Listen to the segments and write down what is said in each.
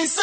Voice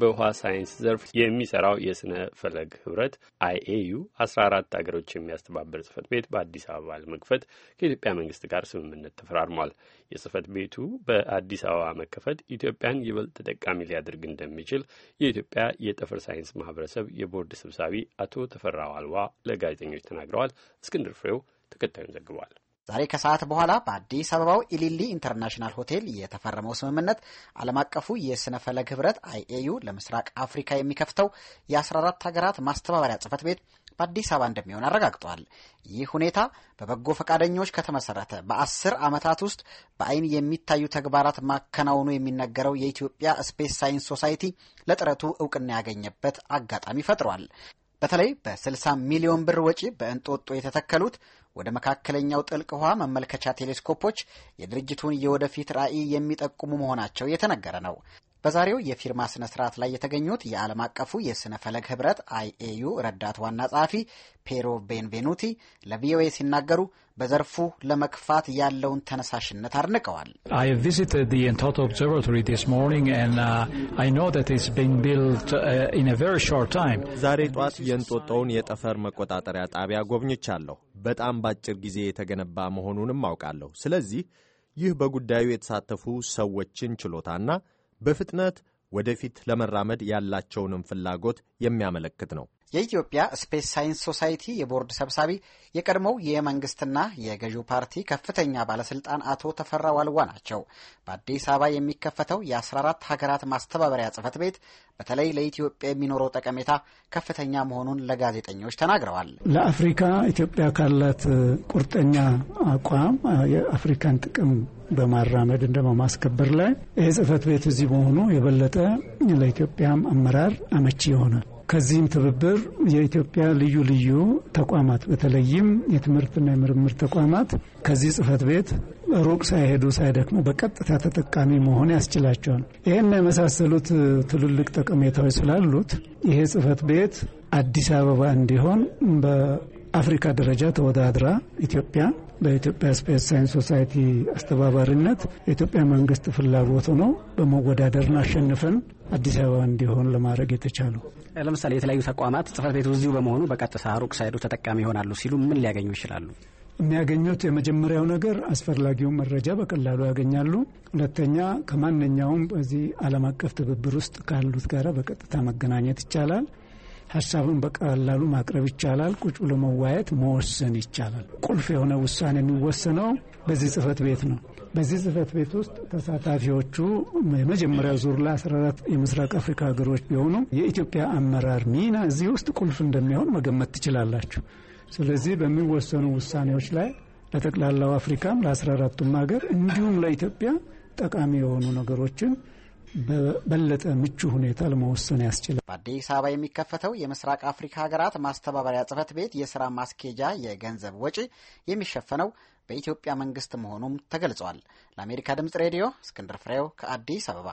በውሃ ሳይንስ ዘርፍ የሚሰራው የስነ ፈለግ ህብረት አይኤዩ አስራ አራት አገሮች የሚያስተባብር ጽህፈት ቤት በአዲስ አበባ ለመክፈት ከኢትዮጵያ መንግስት ጋር ስምምነት ተፈራርሟል። የጽህፈት ቤቱ በአዲስ አበባ መከፈት ኢትዮጵያን ይበልጥ ተጠቃሚ ሊያደርግ እንደሚችል የኢትዮጵያ የጠፈር ሳይንስ ማህበረሰብ የቦርድ ሰብሳቢ አቶ ተፈራ ዋልዋ ለጋዜጠኞች ተናግረዋል። እስክንድር ፍሬው ተከታዩን ዘግቧል። ዛሬ ከሰዓት በኋላ በአዲስ አበባው ኢሊሊ ኢንተርናሽናል ሆቴል የተፈረመው ስምምነት ዓለም አቀፉ የስነ ፈለግ ህብረት አይኤዩ ለምስራቅ አፍሪካ የሚከፍተው የ14 ሀገራት ማስተባበሪያ ጽህፈት ቤት በአዲስ አበባ እንደሚሆን አረጋግጧል። ይህ ሁኔታ በበጎ ፈቃደኞች ከተመሰረተ በአስር ዓመታት ውስጥ በአይን የሚታዩ ተግባራት ማከናወኑ የሚነገረው የኢትዮጵያ ስፔስ ሳይንስ ሶሳይቲ ለጥረቱ እውቅና ያገኘበት አጋጣሚ ፈጥሯል። በተለይ በ60 ሚሊዮን ብር ወጪ በእንጦጦ የተተከሉት ወደ መካከለኛው ጥልቅ ውሃ መመልከቻ ቴሌስኮፖች የድርጅቱን የወደፊት ራዕይ የሚጠቁሙ መሆናቸው የተነገረ ነው። በዛሬው የፊርማ ስነ ስርዓት ላይ የተገኙት የዓለም አቀፉ የስነ ፈለግ ህብረት አይኤዩ ረዳት ዋና ጸሐፊ ፔሮ ቤንቬኑቲ ለቪኦኤ ሲናገሩ በዘርፉ ለመክፋት ያለውን ተነሳሽነት አድንቀዋል። uh, uh, ዛሬ ጧት የእንጦጦውን የጠፈር መቆጣጠሪያ ጣቢያ ጎብኝቻለሁ። በጣም በአጭር ጊዜ የተገነባ መሆኑንም አውቃለሁ። ስለዚህ ይህ በጉዳዩ የተሳተፉ ሰዎችን ችሎታና በፍጥነት ወደፊት ለመራመድ ያላቸውንም ፍላጎት የሚያመለክት ነው። የኢትዮጵያ ስፔስ ሳይንስ ሶሳይቲ የቦርድ ሰብሳቢ የቀድሞው የመንግስትና የገዢው ፓርቲ ከፍተኛ ባለስልጣን አቶ ተፈራ ዋልዋ ናቸው። በአዲስ አበባ የሚከፈተው የ14 ሀገራት ማስተባበሪያ ጽህፈት ቤት በተለይ ለኢትዮጵያ የሚኖረው ጠቀሜታ ከፍተኛ መሆኑን ለጋዜጠኞች ተናግረዋል። ለአፍሪካ ኢትዮጵያ ካላት ቁርጠኛ አቋም የአፍሪካን ጥቅም በማራመድ እንደ በማስከበር ላይ ይህ ጽህፈት ቤት እዚህ መሆኑ የበለጠ ለኢትዮጵያም አመራር አመቺ የሆነ ከዚህም ትብብር የኢትዮጵያ ልዩ ልዩ ተቋማት በተለይም የትምህርትና የምርምር ተቋማት ከዚህ ጽህፈት ቤት ሩቅ ሳይሄዱ ሳይደክሙ በቀጥታ ተጠቃሚ መሆን ያስችላቸዋል። ይህና የመሳሰሉት ትልልቅ ጠቀሜታዎች ስላሉት ይሄ ጽህፈት ቤት አዲስ አበባ እንዲሆን በአፍሪካ ደረጃ ተወዳድራ ኢትዮጵያ በኢትዮጵያ ስፔስ ሳይንስ ሶሳይቲ አስተባባሪነት የኢትዮጵያ መንግስት ፍላጎት ሆኖ በመወዳደርን አሸንፈን አዲስ አበባ እንዲሆን ለማድረግ የተቻሉ ለምሳሌ የተለያዩ ተቋማት ጽህፈት ቤቱ እዚሁ በመሆኑ በቀጥታ ሩቅ ሳይዱ ተጠቃሚ ይሆናሉ ሲሉ ምን ሊያገኙ ይችላሉ? የሚያገኙት የመጀመሪያው ነገር አስፈላጊውን መረጃ በቀላሉ ያገኛሉ። ሁለተኛ ከማንኛውም በዚህ ዓለም አቀፍ ትብብር ውስጥ ካሉት ጋር በቀጥታ መገናኘት ይቻላል። ሀሳብን በቀላሉ ማቅረብ ይቻላል። ቁጭ ብሎ መወሰን ይቻላል። ቁልፍ የሆነ ውሳኔ የሚወሰነው በዚህ ጽህፈት ቤት ነው። በዚህ ጽህፈት ቤት ውስጥ ተሳታፊዎቹ የመጀመሪያ ዙር ለ14 የምስራቅ አፍሪካ ሀገሮች ቢሆኑ የኢትዮጵያ አመራር ሚና እዚህ ውስጥ ቁልፍ እንደሚሆን መገመት ትችላላችሁ። ስለዚህ በሚወሰኑ ውሳኔዎች ላይ ለጠቅላላው አፍሪካም ለ14ቱም ሀገር እንዲሁም ለኢትዮጵያ ጠቃሚ የሆኑ ነገሮችን በበለጠ ምቹ ሁኔታ ለመወሰን ያስችላል። በአዲስ አበባ የሚከፈተው የምስራቅ አፍሪካ ሀገራት ማስተባበሪያ ጽህፈት ቤት የስራ ማስኬጃ የገንዘብ ወጪ የሚሸፈነው በኢትዮጵያ መንግስት መሆኑም ተገልጿል። ለአሜሪካ ድምጽ ሬዲዮ እስክንድር ፍሬው ከአዲስ አበባ